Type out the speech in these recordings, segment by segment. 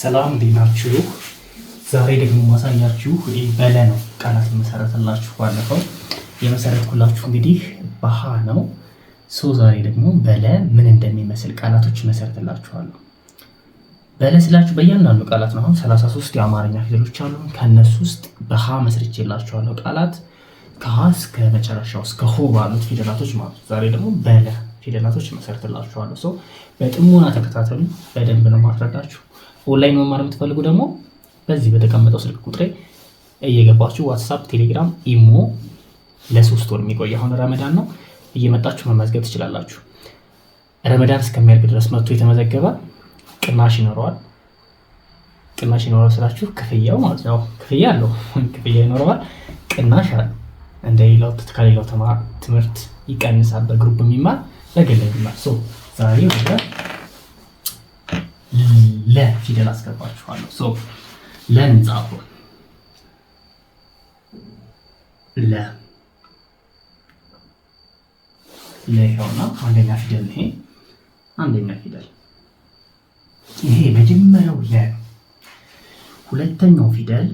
ሰላም እንዴት ናችሁ? ዛሬ ደግሞ ማሳያችሁ በለ ነው ቃላት መሰረትላችሁ። ባለፈው የመሰረትኩላችሁ እንግዲህ በሃ ነው። ሶ ዛሬ ደግሞ በለ ምን እንደሚመስል ቃላቶች መሰረትላችኋለሁ። በለ ስላችሁ በእያንዳንዱ ቃላት ነው። አሁን 33 የአማርኛ ፊደሎች አሉ። ከእነሱ ውስጥ በሃ መስርቼላችኋለሁ ቃላት ከሀ እስከ መጨረሻው እስከ ሆ ባሉት ፊደላቶች ማለት ዛሬ ደግሞ በለ ፊደላቶች መሰረትላችኋለሁ። ሰው በጥሞና ተከታተሉ። በደንብ ነው ማስረዳችሁ። ኦንላይን መማር የምትፈልጉ ደግሞ በዚህ በተቀመጠው ስልክ ቁጥሬ እየገባችሁ ዋትሳፕ፣ ቴሌግራም፣ ኢሞ ለሶስት ወር የሚቆይ አሁን ረመዳን ነው እየመጣችሁ መመዝገብ ትችላላችሁ። ረመዳን እስከሚያልቅ ድረስ መጥቶ የተመዘገበ ቅናሽ ይኖረዋል። ቅናሽ ይኖረዋል ስላችሁ ክፍያው ማለት ነው። ክፍያ አለው፣ ክፍያ ይኖረዋል። ቅናሽ አለ። እንደ ሌላው ከሌላው ትምህርት ይቀንሳል። በግሩፕ የሚማር ለግል የሚማር ዛሬ ለፊደል አስገባችኋለሁ። ሶ ለን ጻፉ። ለ ለይኸውና አንደኛ ፊደል ይሄ አንደኛ ፊደል ይሄ መጀመሪያው ለ ሁለተኛው ፊደል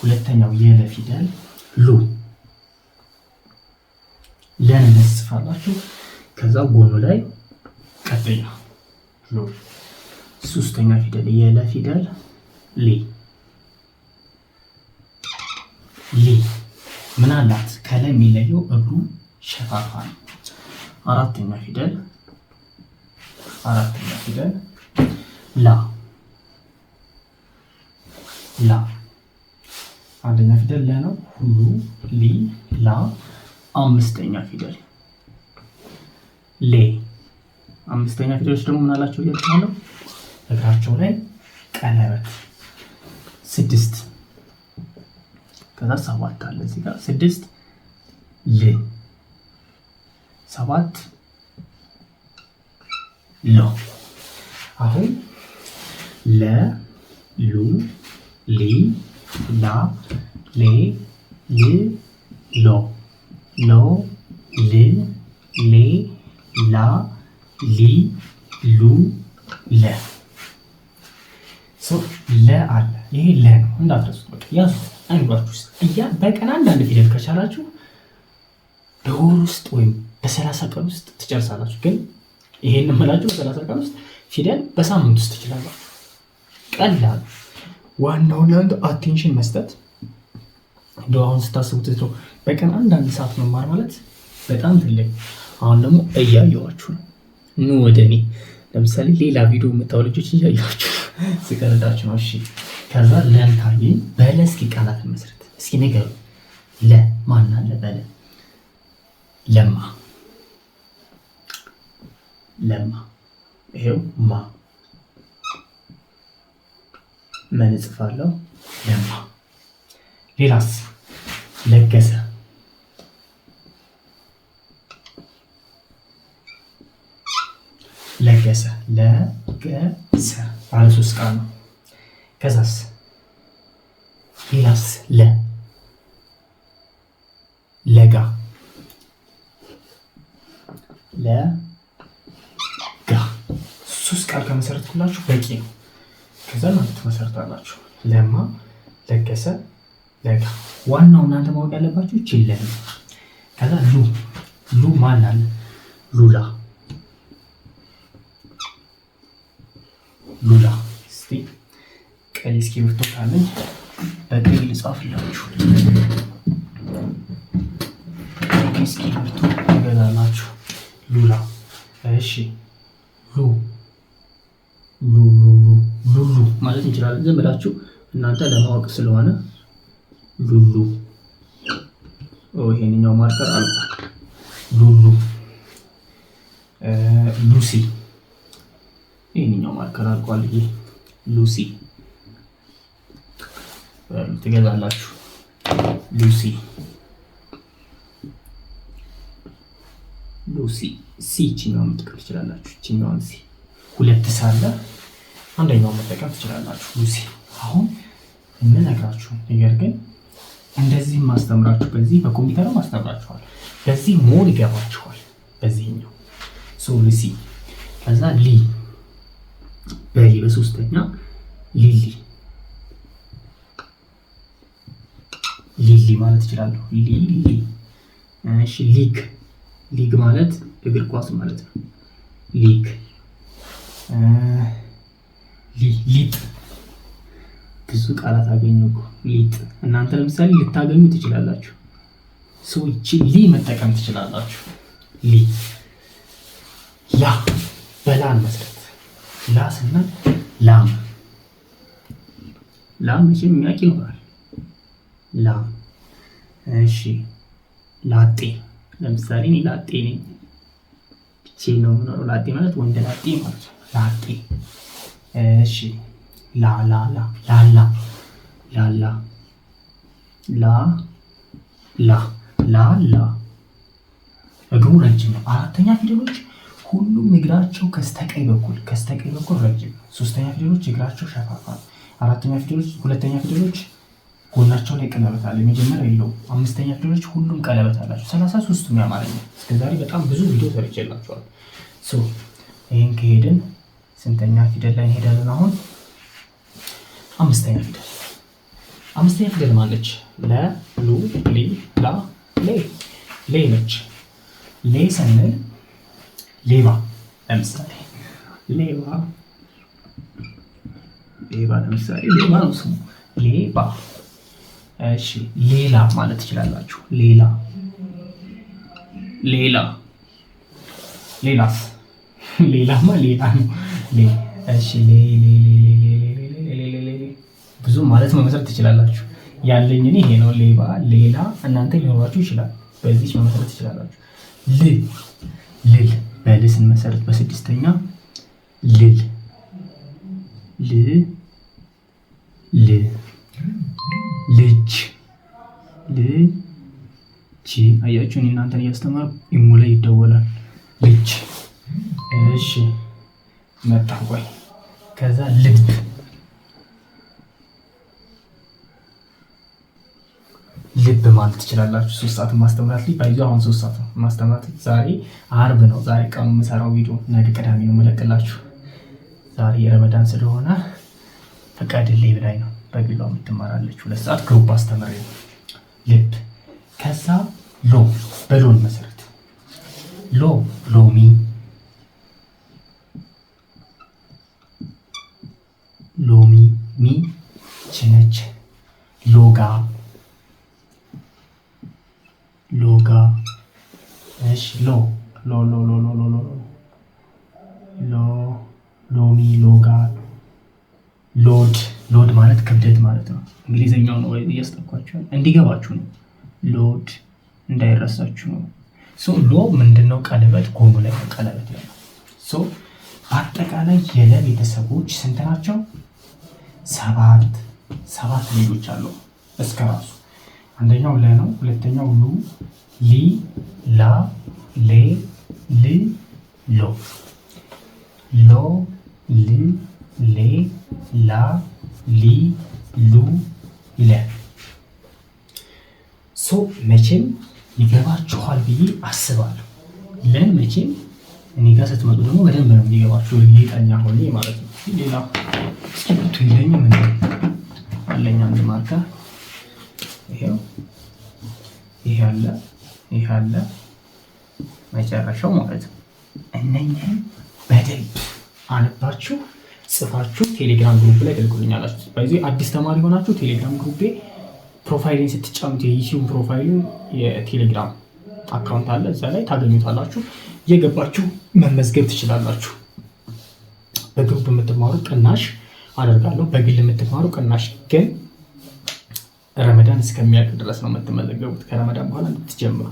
ሁለተኛው የለ ፊደል ሉ ለን መስፋላችሁ። ከዛ ጎኑ ላይ ቀጥያ ነው። ሶስተኛ ፊደል የለ ፊደል ሊ ሊ ምን አላት? የሚለየው እግሩ ሸፋፋ ነው። አራተኛ ፊደል አራተኛ ፊደል ላ ላ አንደኛ ፊደል ለ ነው። ሁሉ ሊ ላ አምስተኛ ፊደል ሌ አምስተኛ ፊደሎች ደግሞ ምን አላቸው እያችኋለሁ እግራቸው ላይ ቀለበት ስድስት ከዛ ሰባት አለ እዚህ ጋር ስድስት ል ሰባት ሎ አሁን ለ ሉ ሊ ላ ሌ ል ሎ ሎ ል ሌ ላ ሊ ሉ ለ ለ አለ። ይሄ ለ ነው እንዳትረሱት። አይምሯችሁ ውስጥ እያ በቀን አንዳንድ ፊደል ከቻላችሁ በወር ውስጥ ወይም በሰላሳ ቀን ውስጥ ትጨርሳላችሁ። ግን ይሄን እምላችሁ በሰላሳ ቀን ውስጥ ፊደል በሳምንት ውስጥ ትችላላችሁ። ቀላል። ዋናው ለአንዱ አቴንሽን መስጠት እንደው አሁን ስታስቡት በቀን አንዳንድ ሰዓት መማር ማለት በጣም ትልቅ። አሁን ደግሞ እያየዋችሁ ነው ኑ ወደ እኔ። ለምሳሌ ሌላ ቪዲዮ የምታው ልጆች እያያችሁ ስቀረዳችሁ ነው። እሺ፣ ከዛ ለን ካየኝ በለ እስኪ ቃላት መስረት እስኪ ነገሩ ለ ማን አለ? በለ ለማ፣ ለማ። ይሄው ማ ምን እጽፋለሁ? ለማ። ሌላስ ለገሰ ለገሰ ለገሰ ባለ ሶስት ቃል ነው። ከዛስ ሌላስ ለ ለጋ ለጋ ሶስት ቃል ከመሰረትኩላችሁ በቂ ነው። ከዛ ማለት መሰረታላችሁ ለማ ለገሰ ለጋ። ዋናው እናንተ ማወቅ ያለባችሁ ይችላል። ከዛ ሉ ሉ ማን አለ ሉላ ሉላ እስቲ ቀይ እስክሪብቶ ካለኝ በግል ልጻፍላችሁ። ቀይ እስክሪብቶ ትገዛላችሁ። ሉላ እሺ፣ ሉ ሉሉ ማለት እንችላለን። ዝም ብላችሁ እናንተ ለማወቅ ስለሆነ ሉሉ። ይሄንኛው ማርከር አልቋል። ሉሉ ሉሲ ይህንኛው ማርከር አልቋል። ይሄ ሉሲ ትገዛላችሁ። ሉሲ ሉሲ ሲ ይችኛውን መጠቀም ትችላላችሁ። ይችኛውን ሲ ሁለት ሳለ አንደኛው መጠቀም ትችላላችሁ። ሉሲ አሁን የምነግራችሁ ነገር ግን እንደዚህም ማስተምራችሁ በዚህ በኮምፒውተር ማስተምራችኋል። በዚህ ሞር ይገባችኋል። በዚህኛው ሶ ሉሲ ከዛ ሊ በሊ በሶስተኛ ሊሊ ሊሊ ማለት እችላለሁ። ሊሊ እሺ። ሊግ ሊግ ማለት እግር ኳስ ማለት ነው። ሊግ ሊጥ ብዙ ቃላት አገኙ እኮ ሊጥ። እናንተ ለምሳሌ ልታገኙ ትችላላችሁ። ሰዎች ይቺ ሊ መጠቀም ትችላላችሁ። ሊ ያ በላን መስረት ላ ስንል ላም ላም መቼም የሚያውቅ ይኖራል። ላ እሺ፣ ላጤ ለምሳሌ እኔ ላጤ ነኝ። ቼ ነው የምኖረው። ላጤ ማለት ወንድ ላጤ ማለት ነው። ላጤ እሺ፣ ላላ ላላ ላላ ላ ላ ላላ እግሩ ረጅም ነው። አራተኛ ፊደሎች ሁሉም እግራቸው ከስተቀኝ በኩል ከስተቀኝ በኩል ረጅም። ሶስተኛ ፊደሎች እግራቸው ሸፋፋ። አራተኛ ፊደሎች ሁለተኛ ፊደሎች ጎናቸው ላይ ቀለበት አለ፣ የመጀመሪያ የለው፣ አምስተኛ ፊደሎች ሁሉም ቀለበት አላቸው። ሰላሳ ሶስቱም የአማርኛ እስከዛሬ በጣም ብዙ ቪዲዮ ሰርቼላቸዋል። ይህን ከሄድን ስንተኛ ፊደል ላይ እንሄዳለን? አሁን አምስተኛ ፊደል። አምስተኛ ፊደል ማለች ለ፣ ሉ፣ ሊ፣ ላ፣ ሌ። ሌ ነች። ሌ ስንል ሌባ ለምሳሌ ሌባ ሌባ ለምሳሌ ሌባ ነው ስሙ ሌባ። እሺ ሌላ ማለት ትችላላችሁ። ሌላ ሌላ ሌላስ ሌላማ ሌላ ነው። ብዙ ማለት መመስረት ትችላላችሁ። ያለኝ ይሄ ነው ሌባ ሌላ እናንተ ሊኖራችሁ ይችላል። በዚህ መመስረት ትችላላችሁ ል መሰረት በስድስተኛ ልል ል ል ልጅ ልጅ አያችሁን? እናንተን እያስተማር ኢሞ ላይ ይደወላል። ልጅ እሺ፣ መጣ ቆይ፣ ከዛ ልብ ልብ ማለት ትችላላችሁ። ሶስት ሰዓት ማስተምራት ላይ ባይዞ አሁን ሶስት ሰዓት ማስተምራት ዛሬ አርብ ነው። ዛሬ ቀኑ የምሰራው ቪዲዮ ነገ ቅዳሜ ነው መለቅላችሁ። ዛሬ የረመዳን ስለሆነ ፈቃድልኝ ብላኝ ነው በግሏ የምትማራለች። ሁለት ሰዓት ግሩፕ አስተምር ነው ልብ ከዛ ሎ በሎን መሰረት ሎ ሎሚ ሎጋ እሺ ሎ ሎ ሎ ሎ ሎ ሎ ሎ ሎሚ ሎጋ ሎድ ሎድ ማለት ክብደት ማለት ነው። እንግሊዝኛው ነው ወይ እንዲገባችሁ ነው። ሎድ እንዳይረሳችሁ ነው። ሶ ሎ ምንድነው? ቀለበት ጎኑ ላይ ቀለበት ያለው። ሶ በአጠቃላይ የለ ቤተሰቦች ስንት ናቸው? ሰባት ሰባት ልጆች አሉ እስከ ራሱ አንደኛው ለ ነው። ሁለተኛው ሉ፣ ሊ፣ ላ፣ ሌ፣ ል፣ ሎ፣ ሎ፣ ል፣ ሌ፣ ላ፣ ሊ፣ ሉ፣ ለ። ሶ መቼም ይገባችኋል ብዬ አስባለሁ። ለን መቼም እኔ ጋር ስትመጡ ደግሞ በደንብ ነው የሚገባችሁ። ጌጠኛ ሆኔ ማለት ነው። ሌላ እስኪ ብቱ ይለኝ ምን አለኛ አንድ ማርካ ይሄው ይህ አለ፣ ይህ አለ መጨረሻው ማለት ነው። እነኝህም በደንብ አነባችሁ ጽፋችሁ ቴሌግራም ግሩፕ ላይ ገልቁልኛላችሁ። በዚህ አዲስ ተማሪ ሆናችሁ ቴሌግራም ግሩፔ ፕሮፋይልን ስትጫኑት የዩቲዩብ ፕሮፋይልን የቴሌግራም አካውንት አለ፣ እዛ ላይ ታገኙታላችሁ። የገባችሁ መመዝገብ ትችላላችሁ። በግሩፕ የምትማሩ ቅናሽ አደርጋለሁ፣ በግል የምትማሩ ቅናሽ ግን ረመዳን እስከሚያልቅ ድረስ ነው የምትመዘገቡት። ከረመዳን በኋላ የምትጀምሩ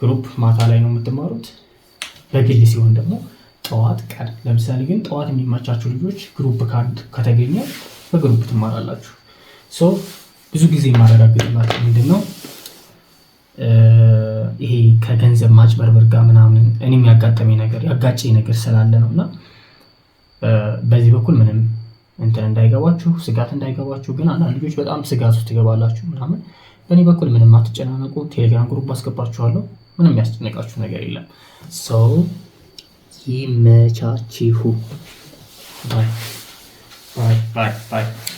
ግሩፕ ማታ ላይ ነው የምትማሩት። በግል ሲሆን ደግሞ ጠዋት ቀን። ለምሳሌ ግን ጠዋት የሚመቻችሁ ልጆች ግሩፕ ካርድ ከተገኘ በግሩፕ ትማራላችሁ። ሶ ብዙ ጊዜ የማረጋግጥላችሁ ምንድን ነው ይሄ ከገንዘብ ማጭበርበር ጋር ምናምን እኔም ያጋጠመኝ ነገር ያጋጨኝ ነገር ስላለ ነው እና በዚህ በኩል ምንም እንትን እንዳይገባችሁ ስጋት እንዳይገባችሁ። ግን አንዳንድ ልጆች በጣም ስጋት ውስጥ ትገባላችሁ ምናምን። በእኔ በኩል ምንም አትጨናነቁ። ቴሌግራም ግሩፕ አስገባችኋለሁ። ምንም ያስጨነቃችሁ ነገር የለም። ሰው ይመቻችሁ። ባይ ባይ ባይ።